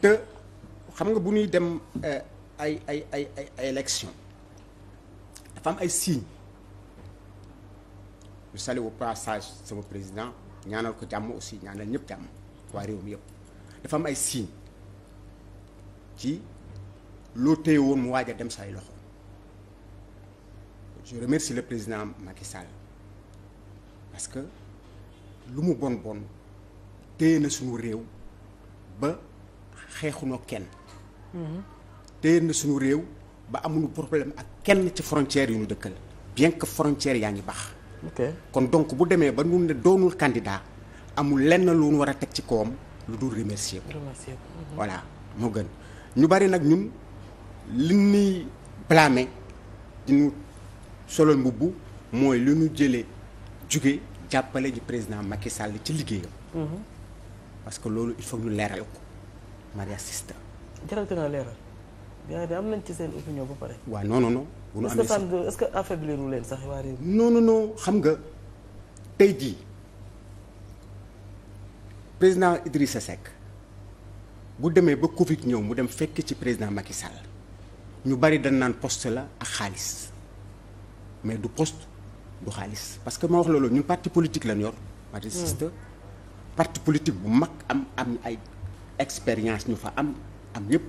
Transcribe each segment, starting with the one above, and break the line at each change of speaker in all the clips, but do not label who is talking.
te xam nga bu ñuy dem euh, ay ay ay ay ay dafa am ay signes je salue au passage sama président ñaanal ko jàmm aussi ñaanal ñëpp jàmm waa réew mi yëpp dafa am ay signes ci loo téye woon mu waaj a dem say loxo je remercie le président Macky Sall parce que lu mu bon bon téye na suñu réew ba xeexu xeexunoo kenn. téye na suñu réew ba amuñu problème ak kenn ci frontières yu ñu dëkkal bien que yaa ngi baax. kon donc bu demee ba ñun ne doonul candidat amul lenn lu ñu war a teg ci kawam lu dul remercier ko.
remercier ko mhm. voilà
moo gën ñu bari nag ñun li ñuy blâmer di ñu solol mbubb mooy li ñu jëlee jóge jàppale ji président Macky Sall ci liggéeyam. Mhm. parce que loolu il faut ñu leeral ko. mariage système.
jarante naa leeral. am nañ ci seen opinion ba pare.
waaw non non nu amee sax est-ce que affaiblir wu leen sax waa réew non non non xam nga tey jii président Idrissa Seck bu demee ba Covid ñëw mu dem fekk ci président Macky Sall ñu bari dañ naan poste la ak xaalis mais du post du xaalis parce que ma wax loolu ñun parti politique lañ yor. parti hmm. système parti politique bu mag am am ay. expérience ñu fa am am yëpp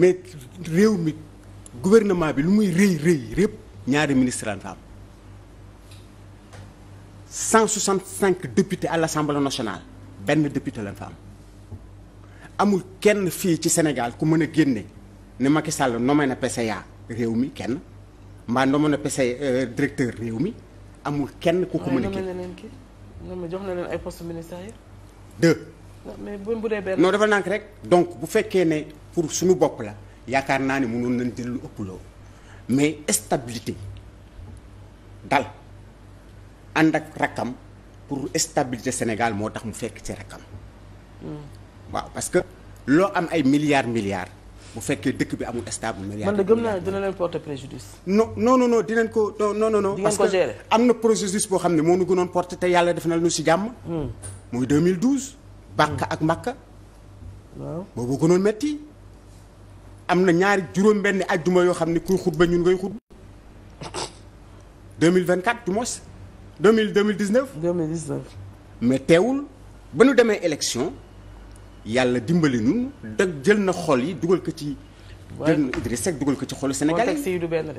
mais réew mi gouvernement bi lu muy rëy rëy yëpp ñaari ministre la am cinq députés à l'Assemblée nationale benn député lañ fa am amul kenn fii ci Sénégal ku mën a génne ne Macky Sall nommé na PCA réew mi kenn mbaa nommé a PCA euh, directeur réew mi amul kenn ku ko mën a génne.
waaye jox na leen ay postes ministériels. deux. mais bu dee benn non
nànk rek. donc bu fekkee ne pour suñu bopp la yaakaar naa ne mënoon nañ jël lu ëpp loolu mais stabilité dal ànd ak rakkam pour stabilité Sénégal moo tax mu fekk ci rakkam. Hmm. waaw parce que loo am ay milliards milliards. bu fekkee dëkk bi amul stable. milliard man de gëm naa ne
dina leen porter préjudice.
non non non dinañ parce que am na processus boo xam ne moo nu gënoon porter te yàlla def na lu si jàmm. Hmm. muy 2012. bàkka ak màkka waaw boobu gënoon metti am na ñaari juróom benn ajjuma yoo xam ne kuy xutba ñun ngay xutba 2024 du mos 2000 2019 2019 mais teewul ba ñu demee élection yàlla dimbali ñun dag jël na xol yi dugal ko ci jël na Idriss Seck dugal ko ci xolu sénégalais contexte yi du benn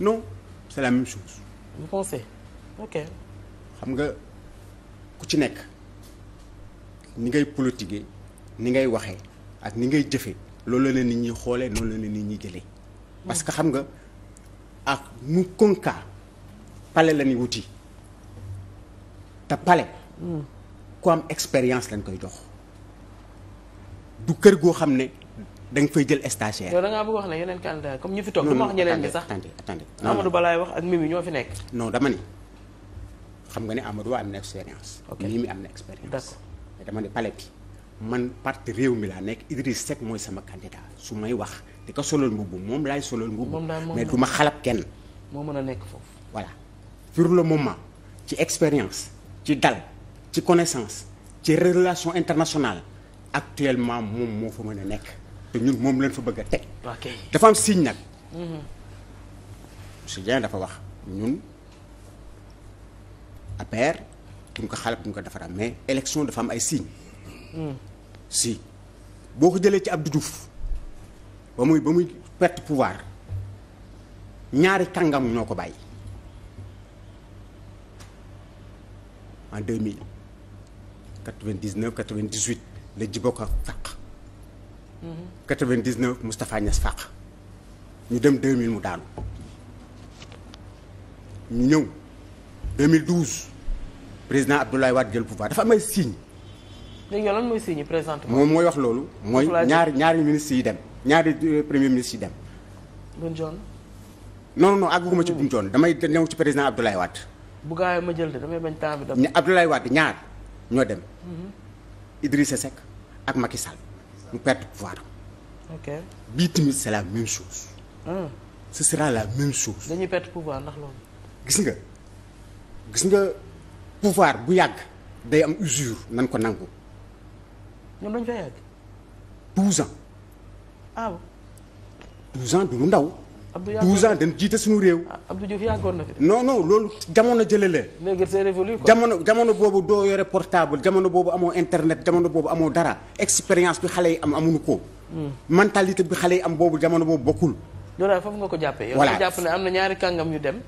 de chose xam nga ku ci nekk ni ngay politiquer ni ngay waxee ak ni ngay jëfee loolu la leen nit ñuy xoolee noonu la leen nit ñuy jëlee. parce que xam nga ak nu konka pale la ñuy wuti te pale. ku am expérience lañ koy jox du kër goo xam ne. da nga fay jël stagiaire.
yow da ngaa wax ne yeneen candidat comme ñu fi toog. du ma wax ñeneen ñi sax
attendez attendez Amadou wax ak Mimi ñoo fi nekk. non dama ni xam nga ni Amadou waa am na expérience. ok am na expérience. d'accord. dama ne palais bi man parti réew mi laa nekk Idriss Seck mooy sama candidat su may wax di ko solal mbubb moom laay solol mbubb mais du ma xalab kenn moo mën a nekk foofu voilà pour le moment ci expérience ci dal ci connaissance ci relation internationale actuellement moom moo fa mën a nekk te ñun moom leen fa bëgg a teg dafa am signe nag mhm. su Dieng dafa wax ñun APR duñ ko xalaat duñ ko defaraat mais élection dafa ay signes. Hmm. si boo ko jëlee ci Abdou Diouf ba muy ba muy perte pouvoir ñaari kàngam ñoo ko bàyyi en deux mille quatre-vingt-dix-neuf quatre-vingt-dix-huit la Djibo Ka fàq. Hmm. quatre-vingt-dix-neuf Moustapha Niass fàq ñu dem deux mille mu daanu ñëw président Abdoulaye Wade jël pouvoir dafa am ay signe
léegi yow lan mooy signe présentement.
moom mooy wax loolu. mooy ñaari ñaari ministres yi dem ñaari euh, premier ministre yi dem. Bunjon. non non àgguma ci Bunjon damay ñëw ci président Abdoulaye Wade.
bu gaaw ma jël de damay bañ temps bi dem.
Abdoulaye Wade ñaar ñoo dem. Mhm. Idrissa Seck ak Macky Sall mu perte pouvoir. ok bii tamit c'est la même chose. Ah. ce sera la chose. dañuy perte pouvoir ndax loolu. gis nga gis nga. pouvoir bu yàgg day am usure nan ko nangu. ñoom dañu fay yàgg. 12 ans. ah bon. 12 ans du lu ndaw.
Abdou Diouf 12 ans
dañu jiite suñu réew. Ah,
Abdou Diouf na fi.
loolu jamono jële la.
léegi c'est révolu jamono
jamono boobu doo yore portable jamono boobu amoo internet jamono boobu amoo dara expérience bi xale yi am amuñu ko. Hmm. mentalité bi xale yi am boobu jamono boobu bokkul.
loolu foofu nga ko jàppee. voilà yow nga jàpp ne am na ñaari kàngam yu dem.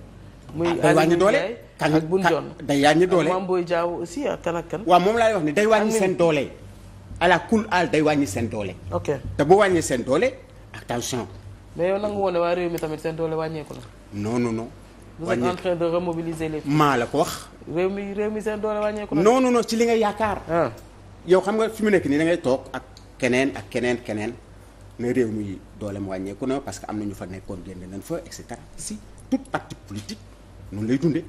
muy ah, wàññi doole kan ak bun jon day wàññi doole maam
booy jaaw aussi ah, ak kan ak moom laay wax ni day wàññi seen doole ala kul al day wàññi seen doole ok te bu wàññee seen doole attention
mais yow nangu woon waa réew mi tamit seen doole wàññeeku na
non non non vous
êtes en maa la ko wax réew mi réew mi seen doole wàññeeku na non
ci li nga yaakaar ah. yow xam nga fi mu nekk nii da ngay toog ak keneen ak keneen keneen ne réew mi doole mu wàññeeku na parce que am na ñu fa nekkoon génn nañ fa et cetera si toute partie noonu lay dundee.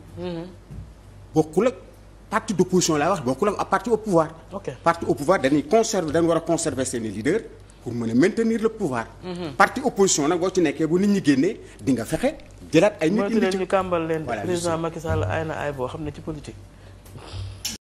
bokkul ak parti d' opposition laa wax bokkul ak parti au pouvoir. ok parti au pouvoir dañuy conserver dañu war a conserver seeni leaders pour mën a maintenir le pouvoir. Mhm. parti opposition nag boo ci nekkee bu nit ñi génnee di nga fexe jëlaat ay. nit ñi ci mooy ñu kàmbal leen président Macky
Sall ay na ay boo xam ne ci politique.